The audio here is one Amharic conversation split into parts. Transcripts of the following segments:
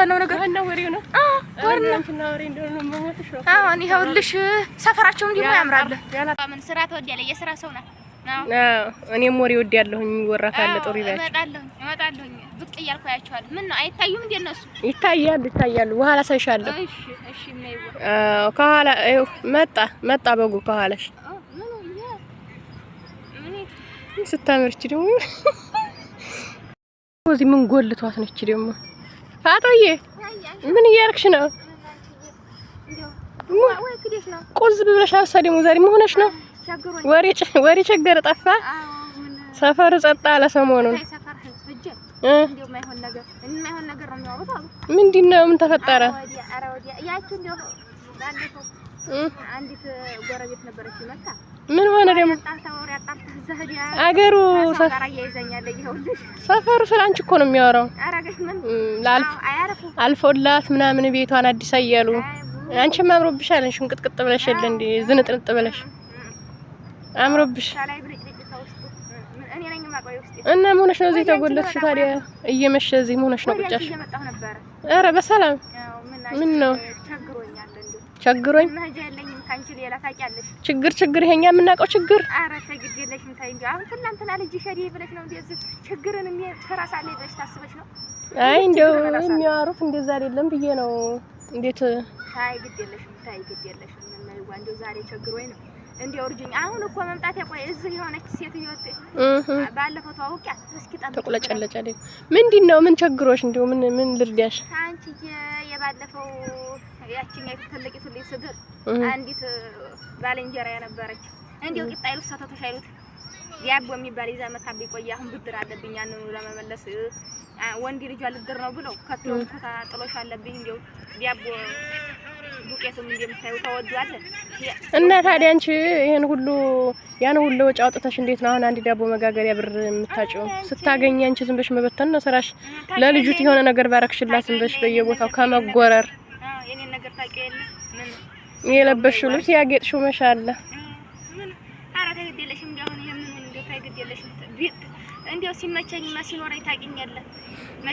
ዋናው ነገር አሁን ይኸውልሽ ሰፈራቸው እንዲሁ ያምራል። ምን ስራ ትወዳለህ? የስራ ሰው ናት። እኔም ወሬ ወዳለሁኝ የሚወራ ካለ ጥሩ ይበላል። እመጣለሁኝ ብቅ እያልኩ አያቸዋለሁ። ምን ነው አይታዩም እንዴ እነሱ? ይታያሉ፣ ይታያሉ። በኋላ ሳይሻለሁ። ከኋላ መጣ መጣ በጉ ከኋላሽ ስታምርች ደግሞ እዚህ ምን ጎልቷት ነች ደግሞ አቶዬ ምን እያደረግሽ ነው? ቁዝ ብለሽ አልሰደሙ ዛሬ መሆነሽ ነው። ወሬ ቸገረ ጠፋ። ሰፈሩ ጸጥ አለ ሰሞኑን። ምንድን ነው? ምን ተፈጠረ? አንዲት ጎረቤት ነበረች መታ ምን ሆነ ደግሞ አገሩ ሰፈሩ ስለ አንቺ እኮ ነው የሚያወራው። አልፎላት ምናምን ቤቷን አዲስ አያሉ አንቺም አምሮብሻል። ሽንቅጥቅጥ ብለሽ የለ እንዴ ዝንጥንጥ ብለሽ አምሮብሽ እና መሆነሽ ነው እዚህ የተጎለትሽ። ታዲያ እየመሸ እዚህ መሆነሽ ነው ቁጫሽ። ኧረ በሰላም ምን ነው ቸግሮኝ ከአንቺ ሌላ ታውቂያለሽ። ችግር ችግር ይሄኛ የምናውቀው ችግር። አረ ተግድ የለሽ የለሽም እንጂ አሁን ትናንትና ልጅሽ ሸዴ ብለሽ ነው እንደዚህ ችግርን ትረሳለች ብለሽ ታስበሽ ነው? አይ እንደው የሚያወሩት እንደዛ አይደለም ብዬ ነው። እንዴት ታይ ግድ የለሽ ታይ ግድ የለሽም የማይዋ እንደው ዛሬ ወይ ነው እንዴ እርጅኝ አሁን እኮ መምጣት ያቆይ እዚህ የሆነች ሴት ሴትዮ ባለፈው ተዋውቂያት እስኪ ጠምጥ ተቆለጨለጨ ምንድን ነው ምን ችግሮሽ? እንደው ምን ምን ልርዳሽ አንቺ የባለፈው ያቺን ትልቂቱ ልጅ ስግር አንዲት ባልንጀራ የነበረች እንዲያው ቂጣ ይሉት ሰተቶች አይሉት ዲያቦ የሚባል ይዛ መታብኝ ቆይ አሁን ብድር አለብኝ ያንኑ ለመመለስ ወንድ ልጇ ልድር ነው ብለው ከቶም ከታ ጥሎሽ አለብኝ እንዲያው ዲያቦ ዱቄቱም እንደምታዩ ተወዷል። እና ታዲያ አንቺ ይሄን ሁሉ ያን ሁሉ ወጪ አውጥተሽ እንዴት ነው አሁን አንድ ዳቦ መጋገሪያ ብር የምታጭው? ስታገኝ አንቺ ዝም ብለሽ መበተን ነው ስራሽ። ለልጁት የሆነ ነገር ባረክሽላት ዝም ብለሽ በየቦታው ከመጎረር የለበሽው ልብስ ያጌጥሽው መሻለ እንዲያው ሲመቸኝ እና ሲኖረኝ ታውቂኛለህ።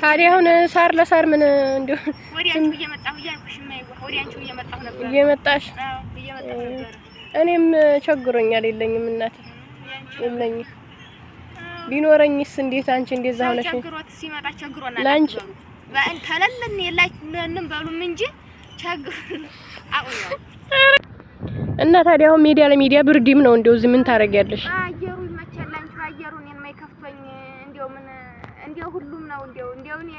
ታዲያ አሁን ሳር ለሳር ምን እንዲያው ወዲያችሁ እየመጣሁ እያልኩሽ የማይዋ ወዲያችሁ እየመጣሁ ነበር እየመጣሽ እኔም ቸግሮኛል። የለኝም እናቴ የለኝም። ቢኖረኝስ እንዴት አንቺ እንደዛ ሆነሽ ቸግሮት ሲመጣ ቸግሮናል። በሉም እንጂ እና ታዲያ አሁን ሚዲያ ለሚዲያ ብርዲም ነው እንደው እዚህ ምን ታደርጊያለሽ? አየሩ ይመቸል አንቺ አየሩ እኔን የማይከፍተኝ እንደው ምን እንደው ሁሉም ነው እንደው እንደው እኔ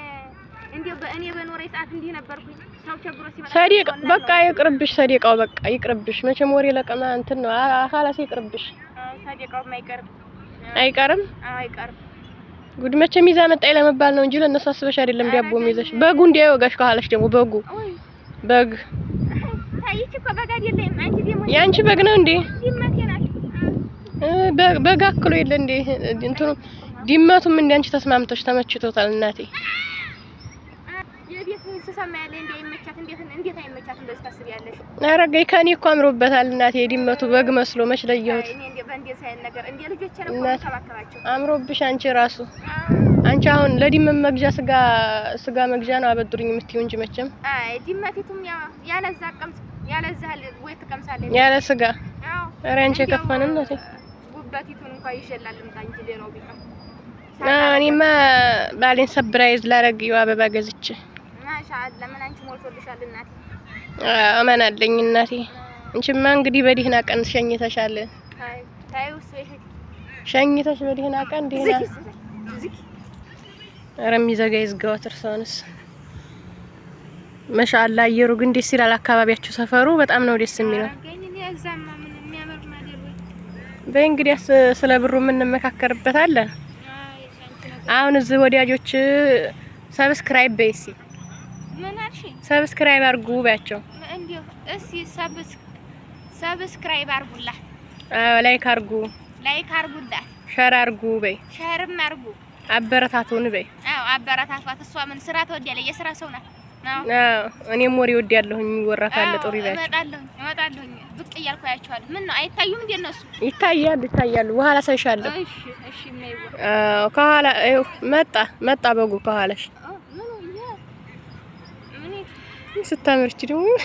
እንደው በእኔ በኖሬ ሰዓት እንዲህ ነበርኩኝ። ሰው ቸግሮ ሲመጣ ሰዲቅ በቃ ይቅርብሽ፣ ሰዲቃው በቃ ይቅርብሽ። መቼም ወሬ ለቀማ እንትን ነው አካላሴ ይቅርብሽ። ሰዲቃው አይቀርም አይቀርም አይቀርም ጉድ መቼም ይዛ መጣይ ለመባል ነው እንጂ ለእነሱ አስበሽ አይደለም። ዲያቦም ይዘሽ በጉ እንዲያወጋሽ ከኋላሽ ደግሞ በጉ በግ የአንቺ በግ ነው እንዴ? በግ አክሎ የለ እንዴ? እንትኑ ድመቱም እንደ አንቺ ተስማምቶች ተመችቶታል እናቴ ቤት ስሰማ ያለ እንዴ አይመቻት እንዴት እንዴት አይመቻት እንደዚህ ታስቢያለሽ? አረገኝ ከኔ እኮ አምሮበታል እናቴ ድመቱ በግ መስሎ መች ለየሁት። አምሮብሽ አንቺ ራሱ አንቺ አሁን ለድመት መግዣ ስጋ ስጋ መግዣ ነው አበድሩኝ የምትይው እንጂ መቼም አይ ድመቲቱም ያለዛ ቀምስ ያለዛ ወይ ትቀምሳለች ያለ ስጋ። አዎ ኧረ አንቺ የከፋን እናቴ ጉበቲቱን እንኳን ይሸላል እንታ እንጂ ሌላው ቢቀር እኔማ ባሌን ሰብራይዝ ላረግ የው አበባ ገዝቼ ማሻአላ ምን አንቺ ሞልቶልሻል እናቴ። አማን አለኝ እናቴ። እንቺማ እንግዲህ በዲህና ቀን ሸኝተሻል። አይ ታዩስ ሸኝተሽ በዲህና ቀን ዲህና ኧረ የሚዘጋ ይዝጋው ተርሳንስ ማሻአላ። አየሩ ግን ደስ ይላል። አካባቢያችሁ ሰፈሩ በጣም ነው ደስ የሚለው። በይ እንግዲያስ ስለ ብሩ የምንመካከርበት አለን። አሁን እዚህ ወዳጆች ሰብስክራይብ በይሲ ሰብስክራይብ አድርጉ ባቸው ሰብስክራይብ ላይክ ላይክ ሸር አድርጉ በይ፣ ሸርም አድርጉ፣ አበረታቱን በይ። አዎ አበረታቷት። እሷ ምን ስራ ትወዳለች? የስራ ሰው ናት። እኔም ወሬ እወዳለሁኝ፣ የሚወራ ካለ ጥሩ ይበል። ብቅ እያልኩ ያቸዋለሁ። ምን ነው አይታዩም እንዴ እነሱ? ይታያሉ፣ ይታያሉ። በኋላ ሳይሻለሁ። እሺ፣ እሺ። ከኋላ መጣ፣ መጣ በጉ ከኋላሽ Все там ртирую.